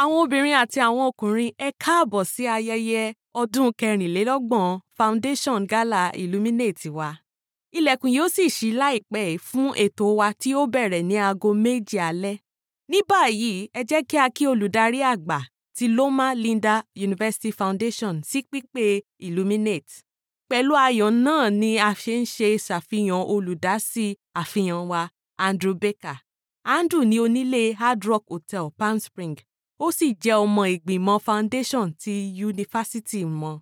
Àwọn obìnrin àti àwọn ọkùnrin ẹ káàbọ̀ sí ayẹyẹ ọdún 26 Foundation Gala Illuminate wa, ilẹ̀kùn yóò sì ṣí láìpẹ́ fún ètò wa tí ó bẹ̀rẹ̀ ní aago méje alẹ́. Ní báyìí ẹ jẹ́ kí a kí Olùdarí Àgbà ti Loma Linda University Foundation sí pípé Illuminate. Pẹ̀lú ayọ̀ náà ni a ṣe ń ṣe ṣàfihàn olùdásí àfihàn wa, Andrew Baker. Andrew ni onílé Hard Rock Hotel Palm Springs ó sì jẹ́ ọmọ ìgbìmọ̀ foundation ti yunifásítì wọn.